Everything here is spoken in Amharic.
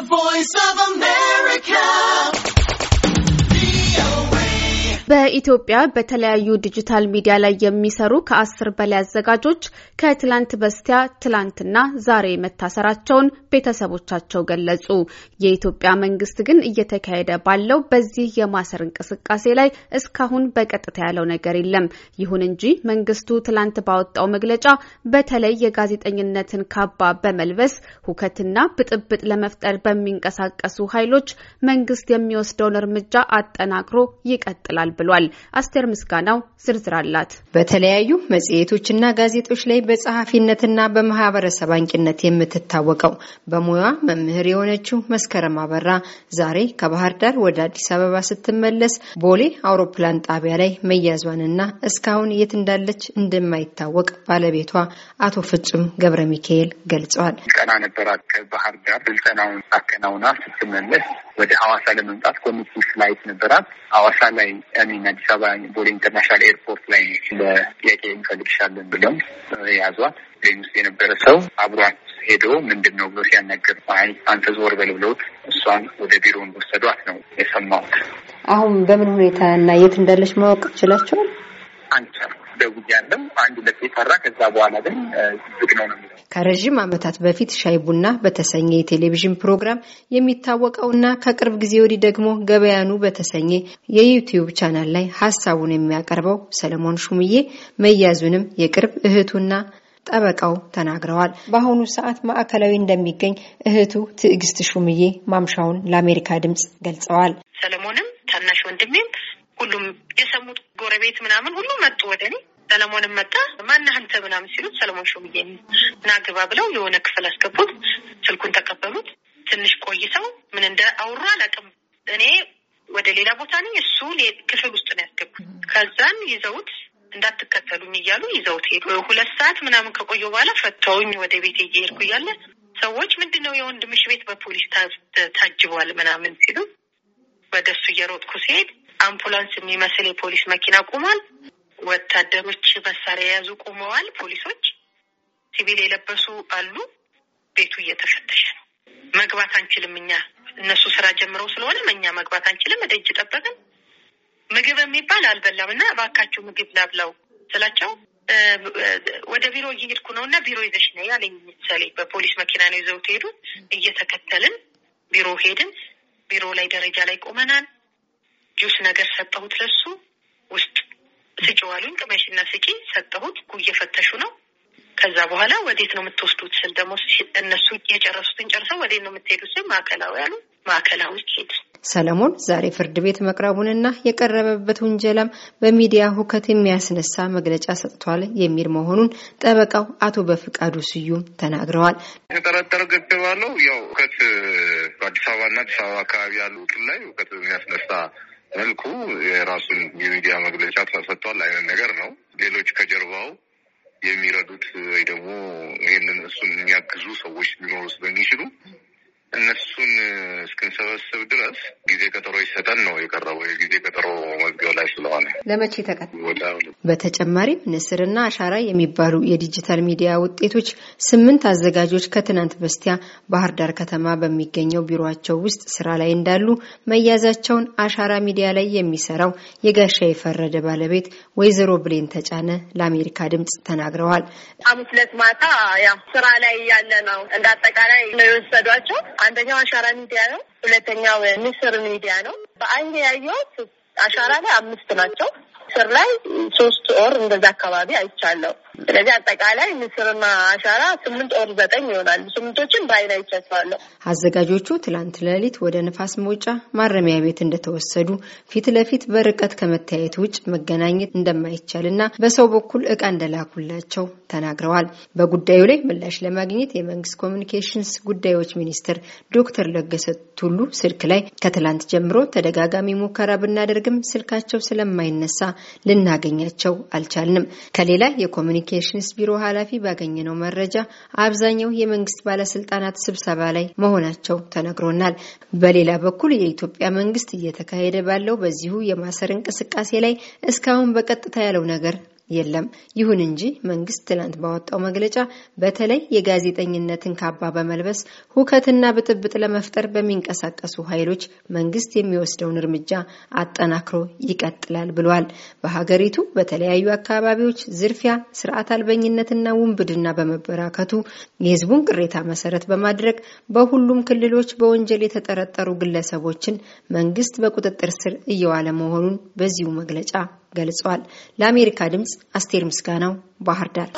The Voice of በኢትዮጵያ በተለያዩ ዲጂታል ሚዲያ ላይ የሚሰሩ ከአስር በላይ አዘጋጆች ከትላንት በስቲያ ትላንትና ዛሬ መታሰራቸውን ቤተሰቦቻቸው ገለጹ። የኢትዮጵያ መንግስት ግን እየተካሄደ ባለው በዚህ የማሰር እንቅስቃሴ ላይ እስካሁን በቀጥታ ያለው ነገር የለም። ይሁን እንጂ መንግስቱ ትላንት ባወጣው መግለጫ በተለይ የጋዜጠኝነትን ካባ በመልበስ ሁከትና ብጥብጥ ለመፍጠር በሚንቀሳቀሱ ኃይሎች መንግስት የሚወስደውን እርምጃ አጠናክሮ ይቀጥላል ብሏል። አስቴር ምስጋናው ዝርዝር አላት። በተለያዩ መጽሔቶችና ጋዜጦች ላይ በጸሐፊነትና በማህበረሰብ አንቂነት የምትታወቀው በሙያዋ መምህር የሆነችው መስከረም አበራ ዛሬ ከባህር ዳር ወደ አዲስ አበባ ስትመለስ ቦሌ አውሮፕላን ጣቢያ ላይ መያዟንና እስካሁን የት እንዳለች እንደማይታወቅ ባለቤቷ አቶ ፍጹም ገብረ ሚካኤል ገልጸዋል። ቀና ነበራት ከባህር ዳር ስልጠናውን አከናውና ስትመለስ ወደ ሀዋሳ ለመምጣት ኮሚቲ ፍላይት ነበራት። ሀዋሳ ላይ ሚን አዲስ አበባ ቦሌ ኢንተርናሽናል ኤርፖርት ላይ ለጥያቄ እንፈልግሻለን ብለው የያዟት ፕሌን ውስጥ የነበረ ሰው አብሯት ሄዶ ምንድን ነው ብሎ ሲያናገር አይ አንተ ዞር በል ብለውት እሷን ወደ ቢሮ እንደወሰዷት ነው የሰማሁት። አሁን በምን ሁኔታ እና የት እንዳለች ማወቅ ችላቸዋል? አንቻ ደውያለሁ። አንድ ለት የሰራ ከዛ በኋላ ግን ዝግ ነው ነው ከረዥም ዓመታት በፊት ሻይ ቡና በተሰኘ የቴሌቪዥን ፕሮግራም የሚታወቀውና ከቅርብ ጊዜ ወዲህ ደግሞ ገበያኑ በተሰኘ የዩቲዩብ ቻናል ላይ ሀሳቡን የሚያቀርበው ሰለሞን ሹምዬ መያዙንም የቅርብ እህቱና ጠበቃው ተናግረዋል። በአሁኑ ሰዓት ማዕከላዊ እንደሚገኝ እህቱ ትዕግስት ሹምዬ ማምሻውን ለአሜሪካ ድምፅ ገልጸዋል። ሰለሞንም ታናሽ ወንድሜም ሁሉም የሰሙት ጎረቤት ምናምን ሁሉ መጡ ወደ እኔ ሰለሞንም መጣ። ማነህ አንተ ምናምን ሲሉት ሰለሞን ሾም ናግባ ብለው የሆነ ክፍል አስገቡት። ስልኩን ተቀበሉት። ትንሽ ቆይተው ምን እንደ አውሩ አላውቅም። እኔ ወደ ሌላ ቦታ ነኝ፣ እሱ ክፍል ውስጥ ነው ያስገቡት። ከዛን ይዘውት እንዳትከተሉኝ እያሉ ይዘውት ሄዱ። ሁለት ሰዓት ምናምን ከቆየ በኋላ ፈተውኝ ወደ ቤት እየሄድኩ እያለ ሰዎች ምንድን ነው የወንድምሽ ቤት በፖሊስ ታጅቧል ምናምን ሲሉ ወደ እሱ እየሮጥኩ ሲሄድ አምቡላንስ የሚመስል የፖሊስ መኪና ቆሟል። ወታደሮች መሳሪያ የያዙ ቆመዋል። ፖሊሶች፣ ሲቪል የለበሱ አሉ። ቤቱ እየተፈተሸ ነው። መግባት አንችልም እኛ እነሱ ስራ ጀምረው ስለሆነ እኛ መግባት አንችልም። ደጅ ጠበቅን። ምግብ የሚባል አልበላም እና እባካችሁ ምግብ ላብላው ስላቸው ወደ ቢሮ እየሄድኩ ነው እና ቢሮ ይዘሽ ነይ አለኝ። ምሳሌ በፖሊስ መኪና ነው ይዘውት ሄዱ። እየተከተልን ቢሮ ሄድን። ቢሮ ላይ ደረጃ ላይ ቆመናል። ጁስ ነገር ሰጠሁት ለሱ ውስጥ ስጭው አሉኝ። ቅመሽና ስጪ ሰጠሁት። እየፈተሹ ነው። ከዛ በኋላ ወዴት ነው የምትወስዱት ስል ደግሞ እነሱ የጨረሱትን ጨርሰው ወዴት ነው የምትሄዱት ስል ማዕከላዊ አሉ። ማዕከላዊ ሄድ ሰለሞን ዛሬ ፍርድ ቤት መቅረቡንና የቀረበበት ውንጀላም በሚዲያ ሁከት የሚያስነሳ መግለጫ ሰጥቷል የሚል መሆኑን ጠበቃው አቶ በፍቃዱ ስዩም ተናግረዋል። የተጠረጠረ ገደብ አለው። ያው ሁከት በአዲስ አበባና አዲስ አበባ አካባቢ ያሉ ላይ ሁከት የሚያስነሳ መልኩ የራሱን የሚዲያ መግለጫ ተሰጥቷል አይነት ነገር ነው። ሌሎች ከጀርባው የሚረዱት ወይ ደግሞ ይህንን እሱን የሚያግዙ ሰዎች ሊኖሩ ስለሚችሉ እነሱን እስክንሰበስብ ድረስ ጊዜ ቀጠሮ ይሰጠን ነው የቀረበው። የጊዜ ቀጠሮ መዝገብ ላይ ለመቼ ተቀጥ በተጨማሪም ንስርና አሻራ የሚባሉ የዲጂታል ሚዲያ ውጤቶች ስምንት አዘጋጆች ከትናንት በስቲያ ባህር ዳር ከተማ በሚገኘው ቢሮቸው ውስጥ ስራ ላይ እንዳሉ መያዛቸውን አሻራ ሚዲያ ላይ የሚሰራው የጋሻ የፈረደ ባለቤት ወይዘሮ ብሌን ተጫነ ለአሜሪካ ድምጽ ተናግረዋል። ሐሙስ ዕለት ማታ ያው ስራ ላይ ያለ ነው እንደ አጠቃላይ ነው የወሰዷቸው። አንደኛው አሻራ ሚዲያ ነው። ሁለተኛው ንስር ሚዲያ ነው። በአይን ያየሁት አሻራ ላይ አምስት ናቸው። አስር ላይ ሶስት ኦር እንደዛ አካባቢ አይቻለሁ። ስለዚህ አጠቃላይ ምስርና አሻራ ስምንት ኦር ዘጠኝ ይሆናሉ። ስምንቶችን በአይን አይቻቸዋለሁ። አዘጋጆቹ ትላንት ሌሊት ወደ ነፋስ መውጫ ማረሚያ ቤት እንደተወሰዱ ፊት ለፊት በርቀት ከመታየት ውጭ መገናኘት እንደማይቻል በሰው በኩል እቃ እንደላኩላቸው ተናግረዋል። በጉዳዩ ላይ ምላሽ ለማግኘት የመንግስት ኮሚኒኬሽንስ ጉዳዮች ሚኒስትር ዶክተር ለገሰ ቱሉ ስልክ ላይ ከትላንት ጀምሮ ተደጋጋሚ ሙከራ ብናደርግም ስልካቸው ስለማይነሳ ልናገኛቸው አልቻልንም። ከሌላ የኮሚኒኬሽንስ ቢሮ ኃላፊ ባገኘነው መረጃ አብዛኛው የመንግስት ባለስልጣናት ስብሰባ ላይ መሆናቸው ተነግሮናል። በሌላ በኩል የኢትዮጵያ መንግስት እየተካሄደ ባለው በዚሁ የማሰር እንቅስቃሴ ላይ እስካሁን በቀጥታ ያለው ነገር የለም። ይሁን እንጂ መንግስት ትናንት ባወጣው መግለጫ በተለይ የጋዜጠኝነትን ካባ በመልበስ ሁከትና ብጥብጥ ለመፍጠር በሚንቀሳቀሱ ኃይሎች መንግስት የሚወስደውን እርምጃ አጠናክሮ ይቀጥላል ብሏል። በሀገሪቱ በተለያዩ አካባቢዎች ዝርፊያ፣ ስርዓት አልበኝነትና ውንብድና በመበራከቱ የህዝቡን ቅሬታ መሰረት በማድረግ በሁሉም ክልሎች በወንጀል የተጠረጠሩ ግለሰቦችን መንግስት በቁጥጥር ስር እየዋለ መሆኑን በዚሁ መግለጫ ገልጸዋል። ለአሜሪካ ድምፅ አስቴር ምስጋናው ባህር ዳር